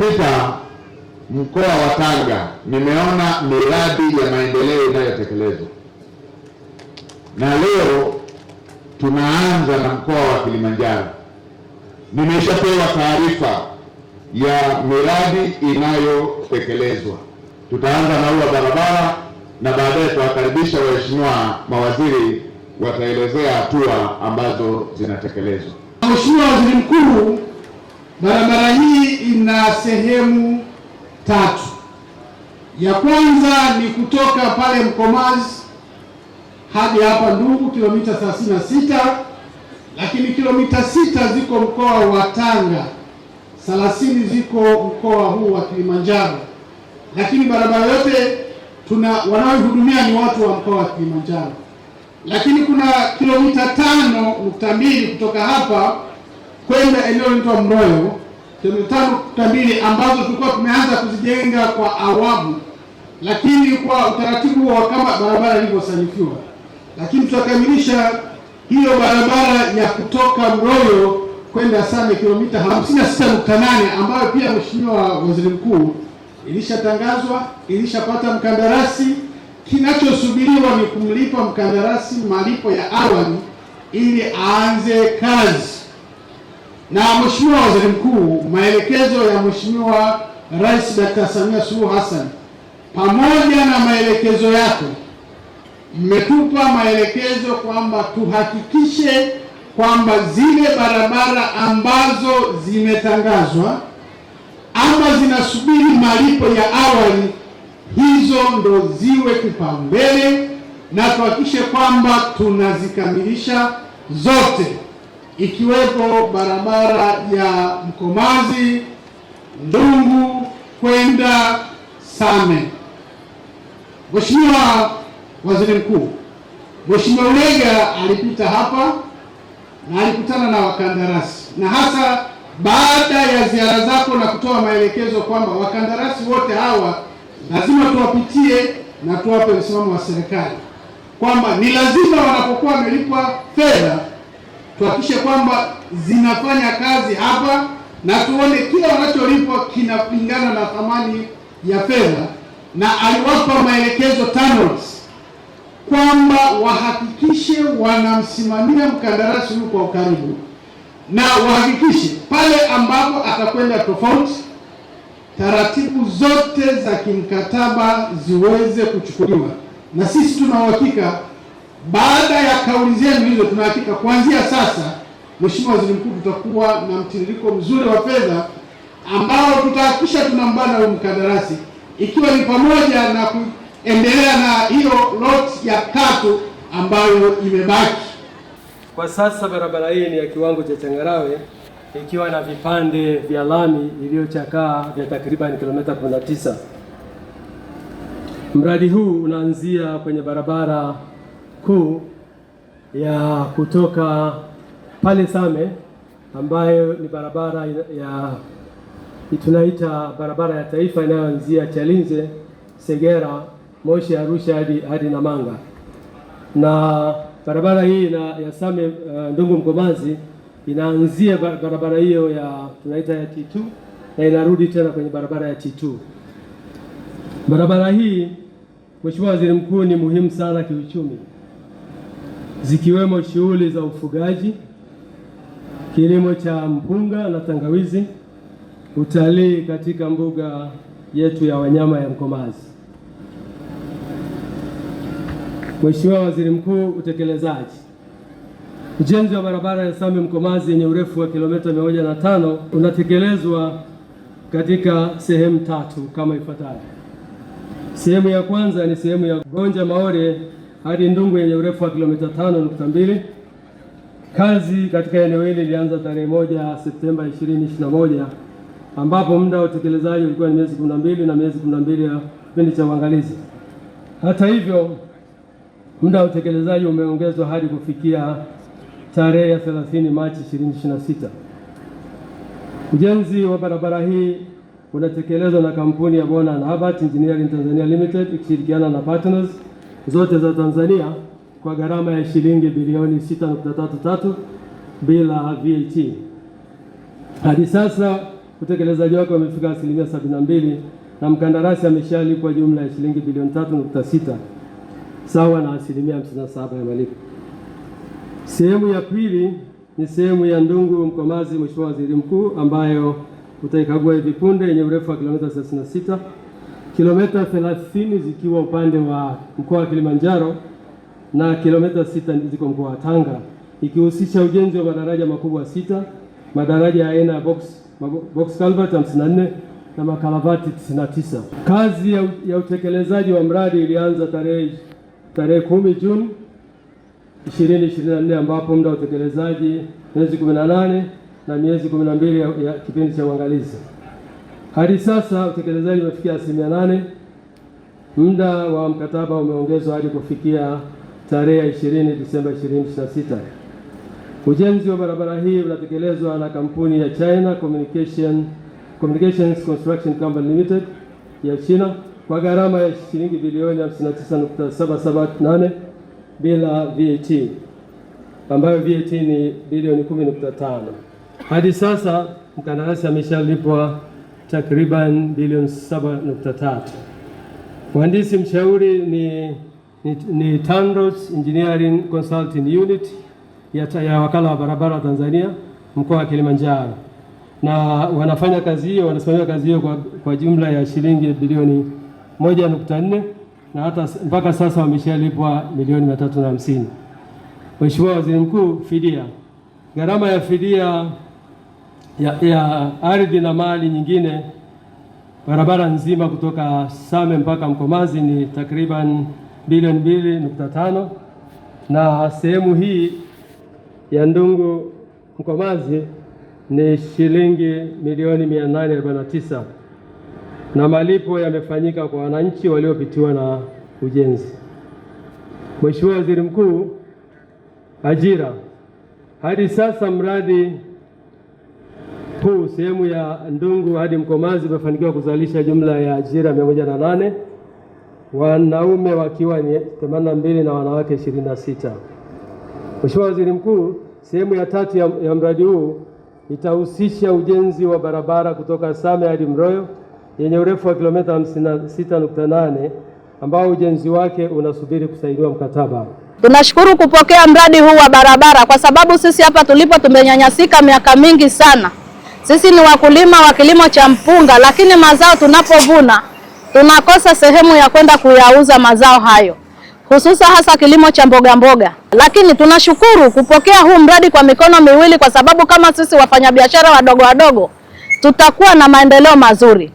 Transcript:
nimepita mkoa wa Tanga, nimeona miradi ya maendeleo inayotekelezwa, na leo tunaanza na mkoa wa Kilimanjaro. Nimeshapewa taarifa ya miradi inayotekelezwa. Tutaanza na ua barabara na baadaye tuwakaribisha waheshimiwa mawaziri wataelezea hatua ambazo zinatekelezwa. Mheshimiwa Waziri Mkuu, barabara hii ina sehemu tatu. Ya kwanza ni kutoka pale Mkomazi hadi hapa Ndugu, kilomita 36, lakini kilomita sita ziko mkoa wa Tanga, 30 ziko mkoa huu wa Kilimanjaro, lakini barabara yote tuna wanaohudumia ni watu wa mkoa wa Kilimanjaro. Lakini kuna kilomita tano nukta mbili kutoka hapa kwenda eneo linaloitwa Mroyo temu tatu kuta mbili ambazo tulikuwa tumeanza kuzijenga kwa awamu, lakini kwa utaratibu wa kama barabara ilivyosanifiwa, lakini tutakamilisha hiyo barabara ya kutoka Mroyo kwenda Same kilomita 56.8 ambayo pia Mheshimiwa Waziri Mkuu ilishatangazwa ilishapata mkandarasi. Kinachosubiriwa ni kumlipa mkandarasi malipo ya awali ili aanze kazi. Na Mheshimiwa Waziri Mkuu, maelekezo ya Mheshimiwa Rais Dr. Samia Suluhu Hassan pamoja na maelekezo yako, mmetupa maelekezo kwamba tuhakikishe kwamba zile barabara ambazo zimetangazwa ama zinasubiri malipo ya awali, hizo ndo ziwe kipaumbele na tuhakikishe kwamba tunazikamilisha zote ikiwepo barabara ya Mkomazi Ndungu kwenda Same. Mheshimiwa Waziri Mkuu, Mheshimiwa Ulega alipita hapa na alikutana na wakandarasi na hasa baada ya ziara zako na kutoa maelekezo kwamba wakandarasi wote hawa lazima tuwapitie na tuwape msimamo wa serikali kwamba ni lazima wanapokuwa wamelipwa fedha tuhakikishe kwamba zinafanya kazi hapa na tuone kila wanacholipwa kinapingana na thamani ya fedha, na aliwapa maelekezo TANROADS kwamba wahakikishe wanamsimamia mkandarasi huyu kwa ukaribu na wahakikishe pale ambapo atakwenda tofauti, taratibu zote za kimkataba ziweze kuchukuliwa, na sisi tuna uhakika baada ya kauli zenu hizo, tunahakika kuanzia sasa, Mheshimiwa Waziri Mkuu, tutakuwa na mtiririko mzuri wa fedha ambao tutahakikisha tunambana huyu mkandarasi, ikiwa ni pamoja na kuendelea na hiyo lot ya tatu ambayo imebaki kwa sasa. Barabara hii ni ya kiwango cha changarawe ikiwa na vipande vya lami iliyochakaa vya takriban kilomita 19. Mradi huu unaanzia kwenye barabara kuu ya kutoka pale Same ambayo ni barabara ya tunaita barabara ya taifa inayoanzia Chalinze, Segera, Moshi, Arusha hadi hadi Namanga. Na barabara hii na ya Same uh, Ndungu Mkomazi inaanzia barabara hiyo ya tunaita ya T2 na inarudi tena kwenye barabara ya T2. Barabara hii Mheshimiwa Waziri Mkuu, ni muhimu sana kiuchumi zikiwemo shughuli za ufugaji, kilimo cha mpunga na tangawizi, utalii katika mbuga yetu ya wanyama ya Mkomazi. Mheshimiwa Waziri Mkuu, utekelezaji. Ujenzi wa barabara ya Same Mkomazi yenye urefu wa kilomita 105 unatekelezwa katika sehemu tatu kama ifuatavyo. Sehemu ya kwanza ni sehemu ya Gonja Maore hadi Ndungu yenye urefu wa kilomita 5.2. Kazi katika eneo hili ilianza tarehe moja Septemba 2021 ambapo muda wa utekelezaji ulikuwa ni miezi 12 na miezi 12 ya kipindi cha uangalizi. Hata hivyo, muda wa utekelezaji umeongezwa hadi kufikia tarehe ya 30 Machi 2026. Ujenzi wa barabara hii unatekelezwa na kampuni ya Bona and Habat Engineering Tanzania Limited ikishirikiana na partners zote za Tanzania kwa gharama ya shilingi bilioni 6.33 bila VAT. Hadi sasa utekelezaji wake umefika asilimia 72 na mkandarasi ameshalipwa jumla ya shilingi bilioni 3.6 sawa na asilimia 57 ya malipo. Sehemu ya pili ni sehemu ya Ndungu Mkomazi, Mheshimiwa Waziri Mkuu, ambayo utaikagua hivi punde yenye urefu wa kilomita 36 kilomita 30 zikiwa upande wa mkoa wa Kilimanjaro na kilomita sita ziko mkoa wa Tanga, ikihusisha ujenzi wa madaraja makubwa sita, madaraja ya aina ya box, box culvert 54 na makalavati 99. Kazi ya, ya utekelezaji wa mradi ilianza tarehe tarehe 10 Juni 2024 ambapo muda wa utekelezaji miezi 18 na miezi 12 ya, ya kipindi cha uangalizi. Hadi sasa utekelezaji umefikia asilimia nane. Muda wa mkataba umeongezwa hadi kufikia tarehe 20 Disemba 2026. Ujenzi wa barabara hii unatekelezwa na kampuni ya China Communication, Communications Construction Company Limited ya China kwa gharama ya shilingi bilioni 59.778 bila VAT ambayo VAT ni bilioni 10.5. Hadi sasa mkandarasi ameshalipwa takriban bilioni 7.3. Mhandisi mshauri ni, ni, ni TANROADS Engineering Consulting Unit ya, ya wakala wa barabara wa Tanzania mkoa wa Kilimanjaro, na wanafanya kazi hiyo, wanasimamia kazi hiyo kwa, kwa jumla ya shilingi bilioni 1.4 na hata mpaka sasa wameshalipwa milioni mia tatu na hamsini. Mheshimiwa Waziri Mkuu, fidia, gharama ya fidia ya, ya ardhi na mali nyingine. Barabara nzima kutoka Same mpaka Mkomazi ni takriban bilioni mbili nukta tano na sehemu hii ya Ndungu Mkomazi ni shilingi milioni 849 na malipo yamefanyika kwa wananchi waliopitiwa na ujenzi. Mheshimiwa Waziri Mkuu, ajira. Hadi sasa mradi kuu sehemu ya Ndungu hadi Mkomazi imefanikiwa kuzalisha jumla ya ajira mia nane wanaume wakiwa ni 82 na wanawake 26. Mheshimiwa Waziri Mkuu, sehemu ya tatu ya, ya mradi huu itahusisha ujenzi wa barabara kutoka Same hadi Mroyo yenye urefu wa kilomita 56.8 ambao ujenzi wake unasubiri kusainiwa mkataba. Tunashukuru kupokea mradi huu wa barabara kwa sababu sisi hapa tulipo tumenyanyasika miaka mingi sana. Sisi ni wakulima wa kilimo cha mpunga, lakini mazao tunapovuna tunakosa sehemu ya kwenda kuyauza mazao hayo, hususa hasa kilimo cha mboga mboga. Lakini tunashukuru kupokea huu mradi kwa mikono miwili, kwa sababu kama sisi wafanyabiashara wadogo wadogo tutakuwa na maendeleo mazuri.